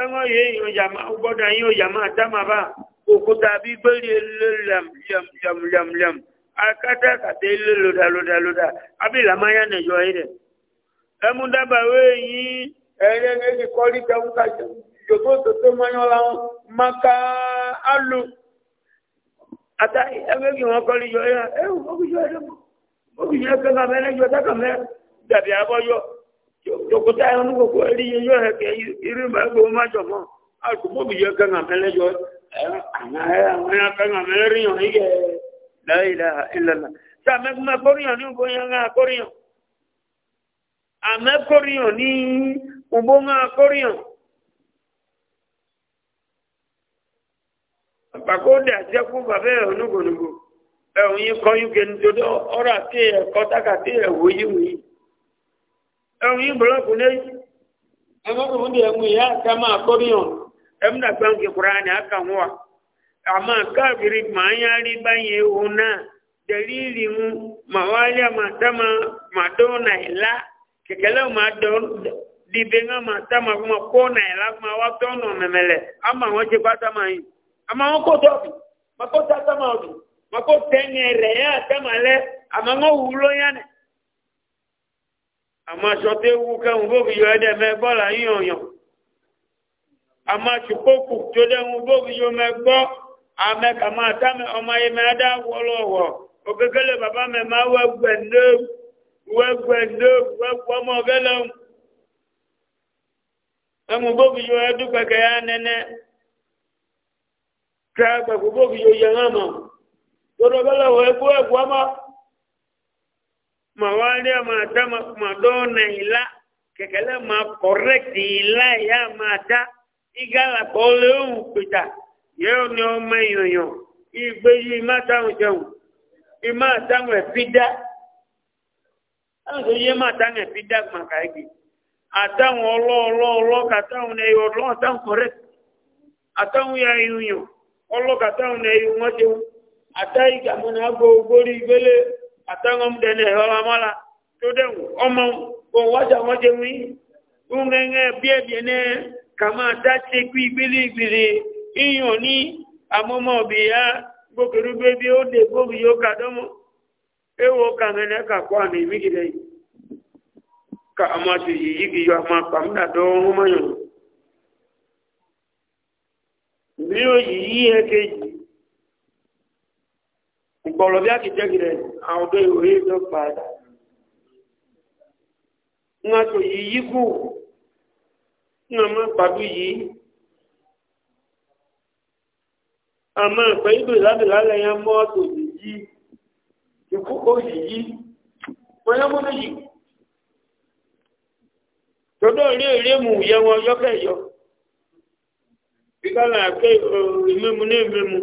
ẹ̀wọ̀n yìí yóò yà máa gbọ́dọ̀ yìí yóò yà máa dámàbà òkúta bí gbélé lẹ́mlẹ́mlẹ́m akátàkàtà ilé lòdà lòdà lòdà abìlàmáyà nìjọ yìí rẹ̀ ẹmu dábàá wé yìí ẹ̀rẹ́ ẹ̀rẹ́ kọ́lí tẹ̀wọ́n ká jòkó tòtó mọ́yán láwọn maka alu ata ẹgbẹ́ kí wọ́n kọ́lí yọ ẹ̀ ẹ̀ òkú yọ ẹ̀ dẹ́kun òkú yọ ẹ̀ kẹ́kọ̀ọ́ mẹ́rẹ́ tòkòtà yẹn ní gbogbo ẹrí yẹn yọ ẹkẹ irú ìgbà gbogbo má jọ mọ àtùmọ̀bì yẹ kẹ́ńgà mẹ́lẹ́ yọ àwọn ẹ̀yà kẹ́ńgà mẹ́lẹ́ rí yàn yíyẹ láìlà ìlànà tí àmẹ́kùnmẹ́ kórìyàn ní gbogbo yẹn ńlá kórìyàn àmẹ́kórìyàn ní gbogbo ńlá kórìyàn. àpàkó dà sí ẹkú bàbá ẹ̀ onígbònígbò ẹ̀ òun yín kọ́ yín kẹ́ni dodo ọ̀rọ̀ àti ẹ̀kọ́ tákàtì ẹ̀wọ̀ yíwò yìí. ẹ̀wọ̀n yìí búlọ́ọ̀kù ní ẹgbẹ́gbẹ̀mú di ẹ̀mú ìyá àká máa kọ́bíyàn ẹ̀mú dàgbà ń kíkura a àkà wọn wa àmọ́ káàbìrì màá yá rí báyìí òun náà dẹ̀líìlì mu màá wá lé àmà támà màá dọ́wọ́ náà ẹ̀ kẹ̀kẹ́ dìbẹ́ fún ma kó náà ẹ̀ fún wá àmà wọn ti bá yìí àmà wọn ọ̀dù tẹ́ni ẹ̀rẹ̀ yá lẹ́ àmà wọn àmọ́ aṣọ tó wú kẹ́hùn bóbi yọ ẹ̀dẹ̀ mẹ́ bọ́ọ̀lù àyíyànyàn àmọ́ aṣùpọ̀kù tó dẹ́hùn bóbi yọ mẹ́ gbọ́ àmẹ́kà máa támẹ́ ọmọ yìí mẹ́ dá wọlọ́wọ́ òkèkélé bàbá mẹ́ máa wẹ́gbẹ̀ ndé wẹ́gbẹ̀ ndé wẹ́gbẹ̀ ọmọ gẹ́lẹ́ ẹ̀mú bóbi yọ ẹdúgbẹ̀kẹ̀ yá nẹ́nẹ́ kẹ́ gbẹ̀kú bóbi yọ yẹ hàn mọ́ tó dọ́gẹ́lẹ́ wọ ẹkú ẹ̀kú ọmọ ma wá rí ọmọ àdá ma dọ́ọ̀nà ìlà kẹ̀kẹ́lẹ́ ma kọ̀rẹ́kì ìlà ìyá ma dá ìgálàpọ̀ léwu pèjà yóò ní ọmọ ìyọ̀yàn ìgbé yìí má táwọn jẹun ìmá táwọn ẹ̀fí dá láti yé má táwọn ẹ̀fí dá màkà igi àtàwọn ọlọ́ọ̀lọ́ọ̀lọ́ kàtàwọn ẹ̀yọ ọlọ́ọ̀ táwọn kọ̀rẹ́kì àtàwọn ya ìyọ̀yàn ọlọ́kàtàwọn ẹ̀yọ wọn jẹun àtàwọn ìgbàmọ́nà agbó ogórí ìgbélé. atọ́ngọ́m dẹni ẹ̀họ́ ọmọlá tó ọmọ òun wájà wọ́n jẹ wí ńgẹ́ngẹ́ bí ẹ̀bí ẹ̀nẹ́ kàmá dáṣe kú ìgbélé ìgbèrè ìyàn ní àmọ́mọ́ ọ̀bì ya gbókèrúgbé bí ó dé gbóbi yóò ká dọ́mọ́ éwo kàmẹ́nẹ́ kàkọ́ àmì yìí ka àmọ́ ìgbọ̀lọ̀ bí àkìjẹ́gìrẹ̀ àwọn ọdọ́ ìwé ìjọ padà ń aṣọ yìí yí kù ń a máa pàdú yìí àmọ́ ìpẹ́ ìgbè lábìlá lẹ́yìn mọ́ ọ̀tọ̀ yìí ìkókó yìí wọ́n yẹ́ mọ́tò yìí tọ́dọ̀ ilé ìré mú yẹ wọn yọ́kẹ́ yọ bí ká là ń pé ìmẹ́mu ní ìmẹ́mu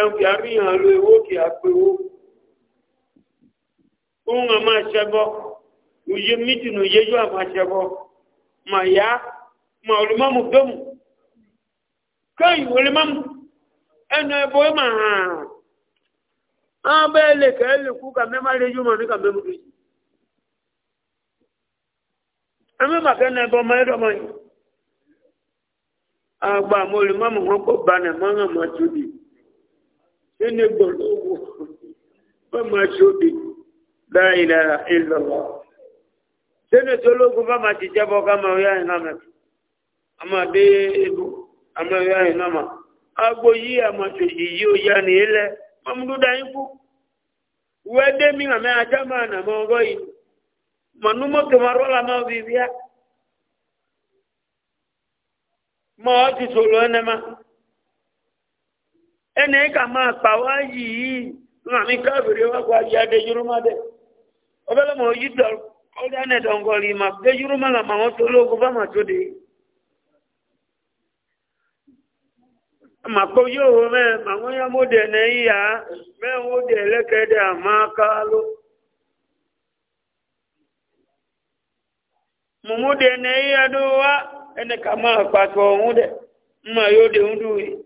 ẹnkì àríyàn ló ewó kì àpéwó ohun àmà ṣẹbọ òye mítìnù yéjú àmà ṣẹbọ mà yá mà olùmọ́mù gbẹ́mù kẹ́yìn olùmọ́mù ẹnu ẹbọ ẹ máa hàn án bẹ́ẹ̀ lè kẹ́ lè kú kàmẹ́ má lè yúmọ̀ ní kàmẹ́ mú lójú ẹmí màkẹ́ na ẹbọ mẹ́rẹ̀ ọmọ yìí àgbà mọ́ olùmọ́mù wọn kò bá nà mọ́ tóbi nínú gbọ̀lọ́wọ́ bá máa ṣóbi láìlà ìlọ́wọ́ sínú tí ológun bá máa ti jẹ́bọ́ ká máa yá iná mẹ́fì a máa dé ebú a máa yá iná mà agbo yí a máa ṣòyí yí ó yá ní ilẹ̀ mọ́múdúdá yín kú wẹ́dẹ́ mi àmẹ́ ajá máa nà mọ́ ọgọ́ yìí mọ̀númọ́ kẹmàrọ́ la máa bìbíà mọ́ ọ ti sòlò ẹnẹ́ máa. ẹnì ká máa pa wá yìí màmí káfíìrì wá kó ayé adéjúrúmá dẹ ọbẹ̀lẹ̀ mọ̀ yí dọ̀ ọdẹ mà déjúrúmá làmà wọn tó lóògùn bá mà tó dé. màkó yóò wọ mẹ dẹ yi yíyá mẹ ń wó dẹ lẹkẹdẹ àmà ká dẹ ní ya wa, ene kama dùn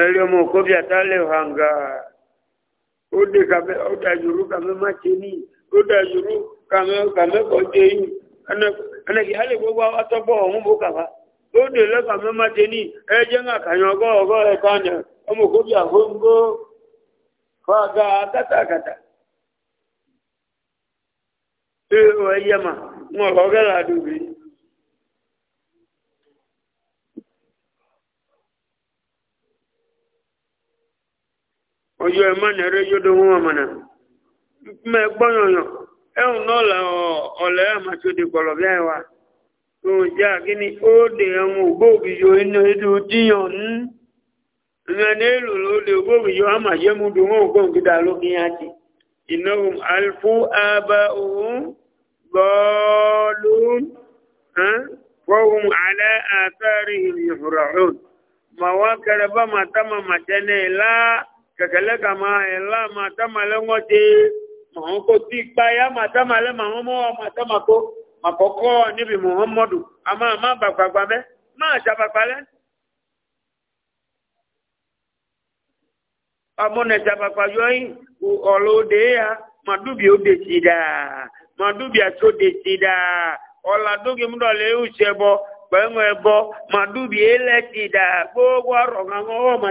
ẹlẹ́mọ̀ kọ́bí àtàlẹ̀ hàǹgà ó dé kàmẹ́ ó dà yòrú kàmẹ́ má ṣe ní ó dà yòrú kàmẹ́ kàmẹ́ kọ́ ṣe yìí ẹnẹ́kì á lè gbogbo àwọn atọ́gbọ́ ọ̀hún bó kàwá ó dè lọ́kàmẹ́ má ṣe ní ẹjẹ́ ń àkàyàn ọgọ́ ọgọ́ ẹ̀ka ọ̀nà ọmọ kọ́bí àfóńgó fọ́gà kátàkátà ṣé ẹ̀yẹ́ wọn ọ̀gá làdùn bìí. ọjọ́ ẹ̀mọ́ nẹ̀rẹ́ yóò dún wọn mọ̀nà mẹ́ gbọ́yọ̀yọ̀ ẹ̀hùn náà là ọ̀lẹ́ àmàṣodè pọ̀lọ̀ àìwá tó jẹ́ àkíní ó dè ẹ̀hùn ògbóòbìyọ inú ìdú díyàn ń ìrìn èlò lóde ògbóòbìyọ àmàyẹ́mú dùn wọn ògbóhùn gíga lókin àti ìnáwó àlùfó àbá òun ضالون ها وهم على آثارهم يفرحون ما وكر بما تم متني لا kẹ̀kẹ́lẹ́ kà máa ẹ̀lá máa támàlẹ́ wọ́n ti màá kó ma páyà ma támàlẹ́ màá ma máa támàkó ma níbi muhammadu a ma má bàgbàgbà bẹ́ máa ṣàbàgbàlẹ́. amúnẹ̀ ṣàbàgbà yọ yìí ọ̀lọ́dẹ ya ma dúbi ó mu yóò gbogbo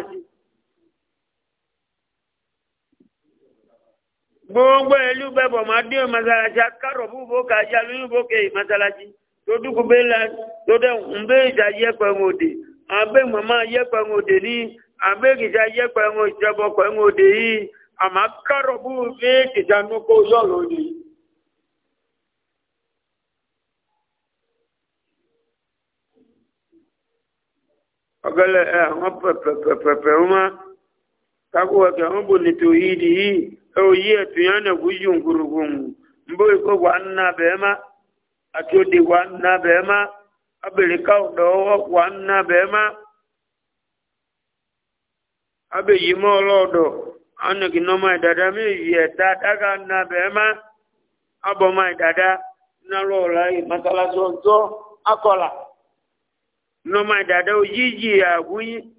gbogbo ẹlú bẹ́bọ̀ máa dé masalasi akárọ̀ bú ka jẹ́ alóyún bó ke masalasi tó dúkú la tó dẹ́ ń yẹ pẹ̀lú òde àbẹ́ màmá yẹ pẹ̀lú yẹ nukó kakuwa ke mbo ni tauhidi hii au yie tuyana kujungurugungu mbo iko kwa anna bema atudi kwa anna bema abili kau dowo kwa anna bema abe yimo lodo ane kinoma dada mi ye dada ka anna bema abo mai dada na lola yi masala zonzo akola no mai dada ujiji ya kunyi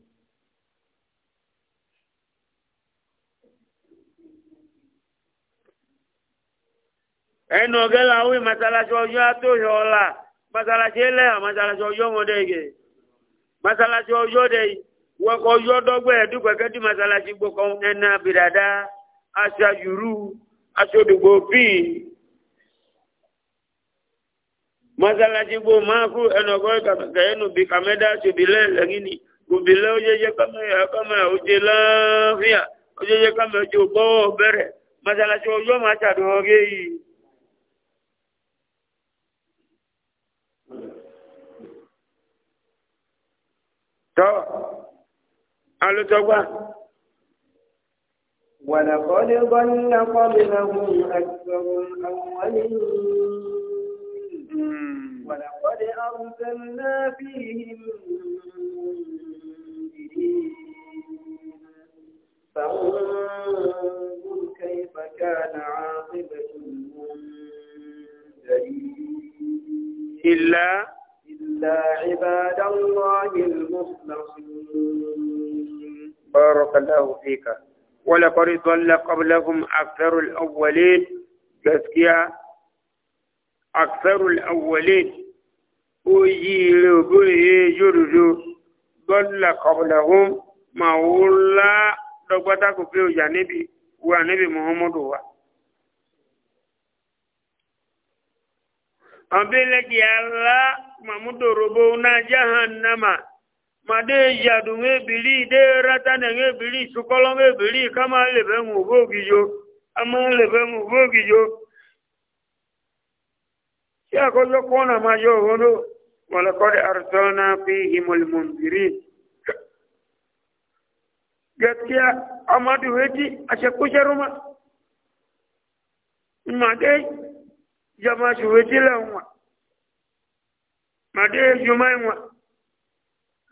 ẹnu ọ̀gẹ́ la wí masalasi ọjọ́ àtòyọ ọ̀la masalasi ẹlẹ́yà masalasi ọjọ́ wọn dẹ̀ yìí masalasi ọjọ́ dẹ̀ yìí wọ́kọ̀ ọjọ́ dọ́gbẹ́ dúpẹ́kẹ́ tí masalasi gbọ́kọ́ ẹnu abìdàdá aṣọ àjùrú aṣọ òdùgbò bíi masalasi gbọ́ máa kú ẹnu ọgọ́ kàkẹ́ ẹnu bí kàmẹ́dá ṣòbílẹ̀ lẹ́yìn ni òbílẹ̀ ojẹ́jẹ́ kàmẹ́yà kàmẹ́yà ojẹ́ láàfíà ojẹ́jẹ́ kàmẹ́yà ojẹ́ gbọ́wọ́ bẹ̀rẹ̀ masalasi ọjọ́ máa ṣàdúrà ọgẹ́ yìí. tọ́ alótọ́gbà. ولقد ضل قبلهم أكثر الأولين ولقد أرسلنا فيهم منذرين فانظر كيف كان عاقبة المنذرين إلا إلا عباد الله المخلصين بارك الله فيك ولقد ضل قبلهم أكثر الأولين gaskiya aksarul awwalin oyi logoye yorodo bọ́lá kọ̀bọ̀láhùn ma ó lá dọ́gbátá kò pé òjà níbi wà níbi muhammadu wa. ọ̀bẹ́lẹ́gì alá kuma mudorobo na jahannama ma de yadu ebili de rata na ebili sukolo ebili kama lebe ngugo gijo ama lebe ngugo gijo ya ko yo kona ma yo hono wala qad arsalna fihim almunzirin gaskiya amadu weti a shakushe ma dai jama'a shi weti lanwa màdé jùmọ̀ ìwọ̀n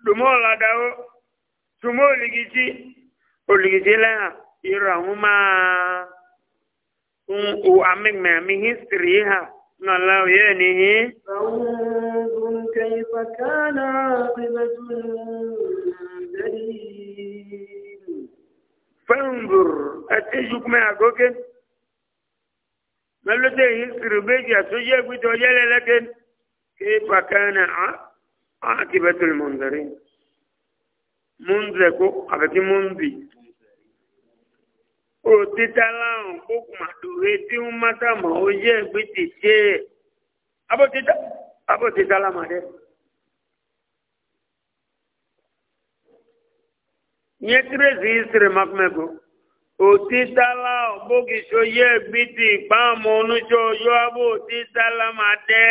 dùmọ̀ ọ̀làdàwó jùmọ̀ olùgìtì olùgìtì lẹ́yìn ìrọ̀ àwọn máa ń wo amẹ́gbẹ̀ẹ́ àmì hísítìrì yìí hà nàlá òye ẹ̀ nìyí. فانظر كيف كان عاقبة المنذرين فانظر أتجوك ما أقولك ما لديه هيستري بيجي أسوجي أقول لك كيف كان عاقبة المنذرين منذكو أبتي منذي òtítà láwọn kókò màdùrẹ́ tí wọ́n mátàmọ̀ ó yẹ ìgbé ti ṣe é abòtítà lámàdé. yẹ kírèsì ìsìrè mákùmẹ́kọ òtítà láwọn bókìṣọ yẹ ìgbé ti ìpamọ́ onúṣọ yọ abòtítà lámàdé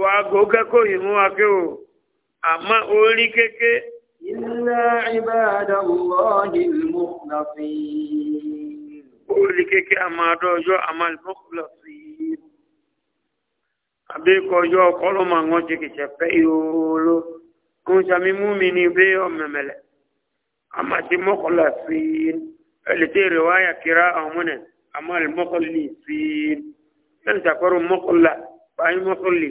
wàgò kẹ́kọ̀ọ́ yìí mú wa kí o àmọ́ orí kéke. ilé ìbáàdà lọ́ọ̀hìn mọ́kànlọ́sí. orí kéke àmọ́ àdọ́jọ́ ko mọ́kànlọ́sí. àbíkọjọ́ kọ́lọ́mọ àwọn jìkìtì fẹ́ ìhòòhò kó sami mú mi ní bí ọ̀mẹ̀mẹ̀lẹ̀ àmọ́ ti mọ́kànlọ́sí. ẹlẹ́tẹ̀ rẹ̀ wáyà kíra àwọn mọ́nẹ̀ àmọ́ mọ́kànlọ́sí. ẹnìtàkọ́rọ̀ mọ́kànlá báyìí mọ́kànlọ́sí.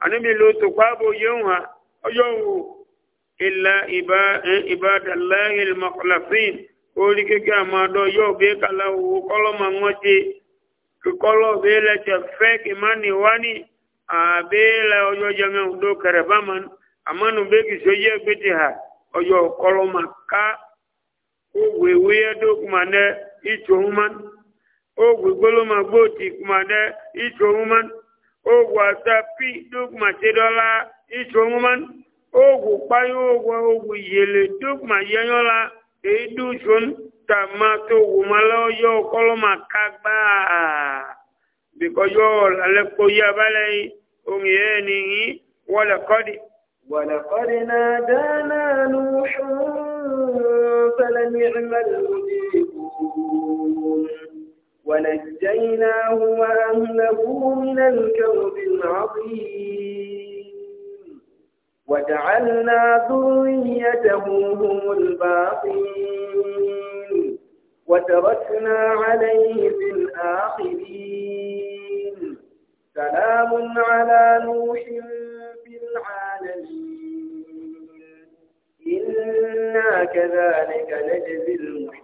annabi lutu kwabo yunwa yunwu illa ibadallahi al-mukhlasin ori keke amado kala la a be la oyo janga udo karabaman amanu be ki soje beti ha oyo kolo maka o wewe do kuma ne ito human o gbe golo ma gboti ogwu atapi dogma chedola iche omuman ogwu kpanye ogwu ogwu yele dogma yenyola educhon tamato ogwu mala oyo okolo maka gbaa biko yo lalekpo ya balai onye nihi wala kodi ولقد نادانا نوح فلنعم المجيب ونجيناه وأهله من الكرب العظيم وجعلنا ذريته هم الباقين وتركنا عليه في الآخرين سلام على نوح في العالمين إنا كذلك نجزي المحسنين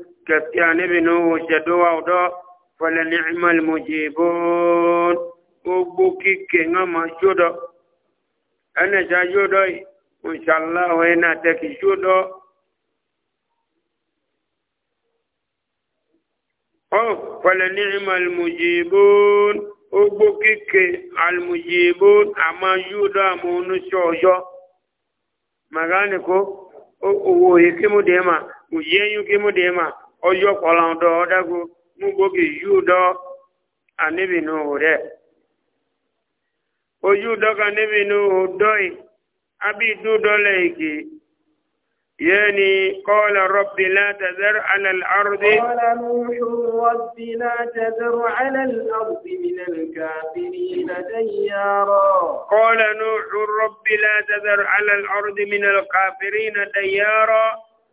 gaskiya ne bi nuhu shaduwa udo fala ni'mal mujibun ogbo kike nga ma jodo ana ja jodo inshallah wa ina ta ki jodo oh fala ni'mal mujibun ogbo kike al mujibun ama jodo amunu shojo magane ko owo hikimu dema uyeyu kimu dema ọjọ́ kọlan dọ ọdágo mú gbógi yíò dọ àníbi nù hù rẹ ojú dọ́ka níbi nù hù dọ́ì ábí dú dọ́lẹ̀ ìgè yẹ́ni kọ́lá rọ́bì látàzẹ́rù alàlẹ́ àrùdí. kọ́lá nùhù rọ́bì látàzẹ́rù alàlẹ́ àrùdí minal kafirina dayyara. kọ́lá nùhù rọ́bì látàzẹ́rù alàlẹ́ àrùdí minal kafirina dayyara.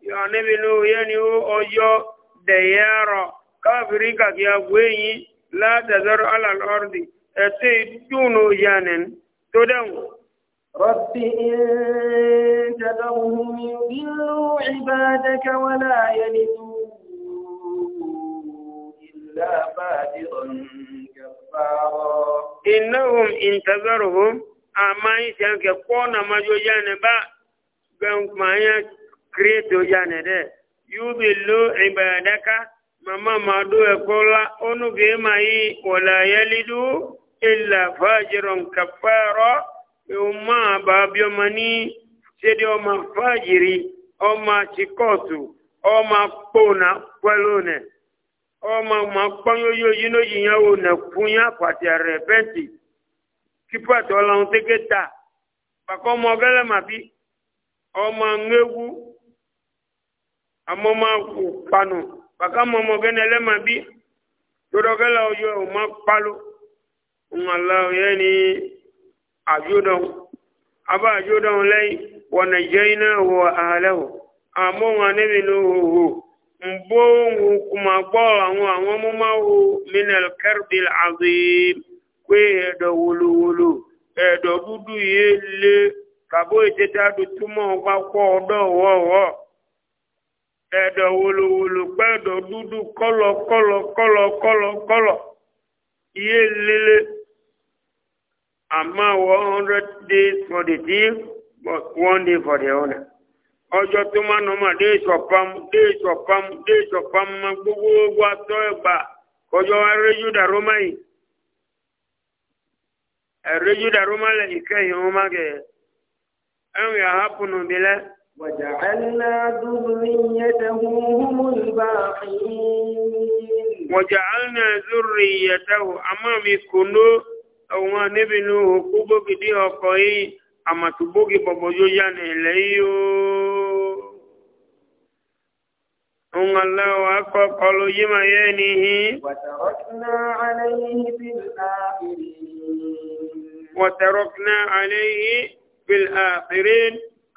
yọ̀ níbi nù yẹ́ni ó ọjọ́ dẹ̀yẹ́rọ̀ káfírí kàkí agbóyin látẹ̀sọ́rọ̀ alàlọ́rọ̀dì ẹ̀tẹ́ ìdúnú yanin tó dẹ̀wọ̀n. رب إن تذرهم يضلوا عبادك ولا يلدوا إلا فاجرا كفارا إنهم إن تذرهم أما يسألك قونا ما جو جانبا قونا ما يكريتو جانبا yudhillu ibadaka mama madu ekola onu ge mai wala yalidu illa fajiron kafara yuma babyo mani sedi o ma fajiri o ma chikotu o ma pona kwelone o ma ma panyo yo yino yinyawo na kunya pati arepenti kipato la unteketa bakomo gele bi o ma ngewu amọ́mọ́ kò panu bàkà mọ́mọ́ gẹ́nẹ́ lẹ́mà bí dodokẹ́lẹ́ ọjọ́ ọmọ palo ńlá yẹn ni àjọdọ̀n abá àjọdọ̀n lẹ́yìn wọ̀nà jẹ́ iná wọ àhálẹ́ wọ àmọ́ wọn níbi ní òhò mbó ohun kùmà gbọ́ àwọn àwọn mọ́mọ́ wo minel kẹ́rìbìl azim pé ẹ̀dọ̀ wolowolo ẹ̀dọ̀ dúdú yìí lé kàbó ètè tá a dùn túmọ̀ ọgbà kọ́ ọdọ̀ wọ̀ọ̀wọ̀. ẹ̀dọ̀ wolowolo pẹ́ẹ̀dọ̀ dúdú kọ́lọ̀ kọ́lọ̀ kọ́lọ̀ kọ́lọ̀ kọ́lọ̀ iye lele àmọ́ one hundred days for the deal but one day for the owner ọjọ́ tó máa nọ mà gbogbo wa tọ́ ẹ̀gbà kọjọ́ arẹ́jú dàrú máyì ẹ̀rẹ́jú dàrú máyì ìkẹyìn ọmọ gẹ̀ẹ́ ẹ̀rìn وجعلنا ذريته هم الباقين وجعلنا ذريته أمام كنو أو ما نبنوه كبوك دي أقوي أما تبوك ببجوجان إليه أن الله أكبر قالوا يما ينهي وتركنا عليه في الآخرين وتركنا عليه في الآخرين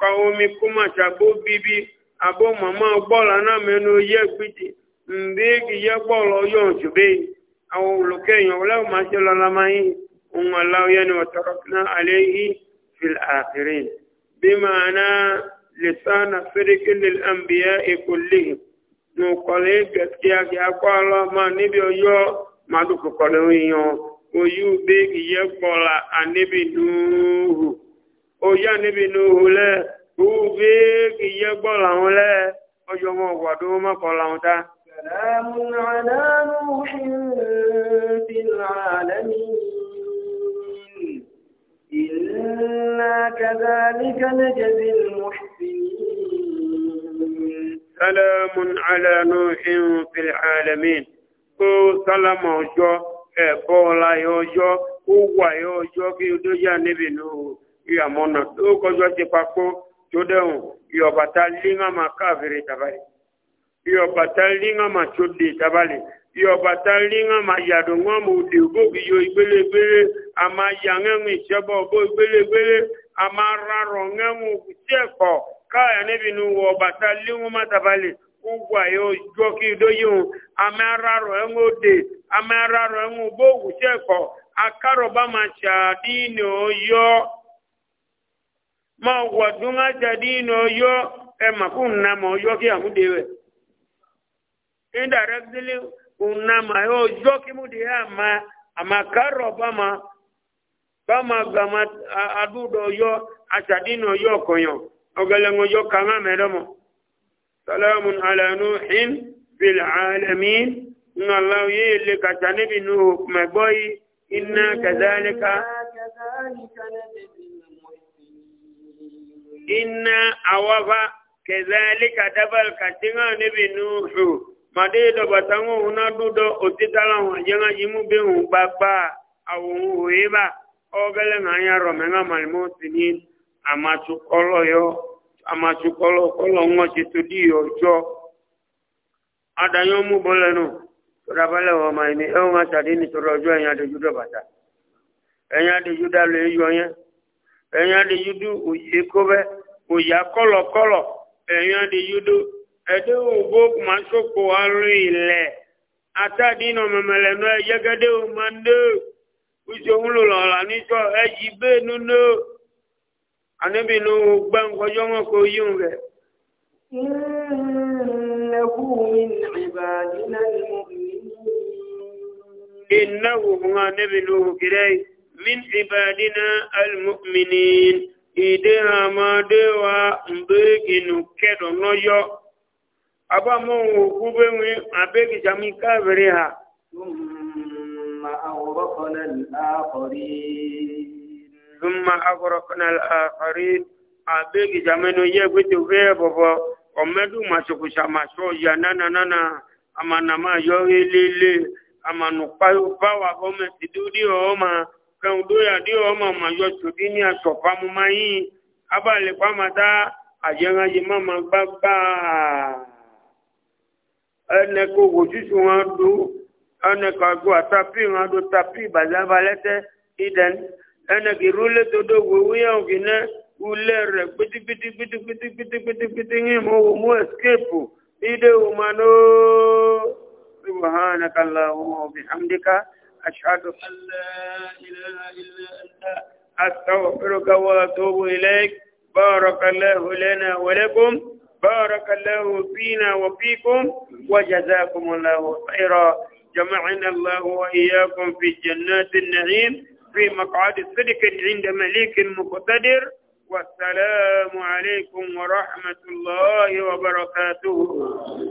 ka omi kúmàṣà bó bíbí àbó màmá bọ́ọ̀lù anámẹ́nu yẹ gbìdì mbéèkì yẹ bọ́ọ̀lù ọyọ́ òṣùbẹ́ àwọn olùkẹ́yìn ọ̀lẹ́ ọ̀ma ṣe lọ́la máa yín ohun aláwọ̀yẹ́ ni alẹ́ fìl bí ná lè fẹ́rẹ́kẹ́ lè èkó lè akọ́ máa níbi ọyọ́ yẹ bọ́ọ̀lù anábì nùúhù. òyà níbi nùhù lẹ́ òwú kì yẹ gbọ́ làwọn lẹ́ ọjọ́ wọn wà tó má làwọn ta. سلام على نوح في العالمين إنا كذلك نجزي المحسنين سلام على نوح في العالمين kó sálámà ọjọ́ ẹ̀bọ́ ọlá ọjọ́ kó wà ọjọ́ kí ó tó yà níbi nù ìyàmọ́nà tó kọjọ́ ti papò tó dẹ̀hùn ìyọ̀bàtà líńgàmà káàfìrí tabali ìyọ̀bàtà líńgàmà tó tabali ama ya tí ẹ̀kọ́ káyà níbi nu ọ̀bàtà líńgàmà tabali ugwu a ya ojuo ka idoyiwu amararo enwe ode amararo enwe ugbo ma dino yo ma wadunga jadino yo e makunna mo yo ki amudewe indirectly unama yo yo ki mudia ma amakaro bama bama gama adudo yo ashadino yo koyo ogalengo yo kanga medomo salamun ala nuhin fil alamin ngallahu yele katanibi nuhu kumeboyi inna kadhalika inna awaba kezalika dabal katinga bi nuhu made do batango una dudo otitala wajenga jimu be baba awu weba ogele nganya romenga malmo sinin amachu kolo amachu kolo kolo ngo chitudi ojo adanyo mu rabale wa maini e nga sadini torojo enya de judo bata enya de juda le ẹ̀yàn de yúdú òye kó bẹ́ òyà kọ́lọ̀kọ́lọ̀ ẹ̀yàn de yúdú ẹ̀dẹ́ òbó máa ń sòkò alóyè ilẹ̀ atádínà mẹ̀mẹ̀lẹ̀ náà ẹ̀yẹ́gẹ́dẹ́ ò máa ń dé oṣù wọn min ibadina dị na amadewa mbeki nukedo ha thumma aghraqna al-akharin thumma aghraqna al-akharin abeki jameno ye gwitu vebo omedu masukusha maso ya kẹun tó yàdí ọmọ àmàyọ tòdí ní àtọ̀pamọ́ máa yín abáàlẹ̀ pàmàtà àjẹrànjẹ máma gbágbá ẹnẹ kó wò sísun wọn do ẹnẹ kó àgbo àtàpì wọn do tàpì bàlẹ́bàlẹ́tẹ́ ìdẹ́n ẹnẹ kì rúlé dodo wòwú yẹn òkè náà wúlé rẹ̀ pétípétípétípétípétípétí yín mo wò mú ẹ̀skẹ́pù أشهد أن لا إله إلا أنت أستغفرك وأتوب إليك بارك الله لنا ولكم بارك الله فينا وفيكم وجزاكم الله خيرا جمعنا الله وإياكم في جنات النعيم في مقعد الصدق عند مليك مقتدر والسلام عليكم ورحمة الله وبركاته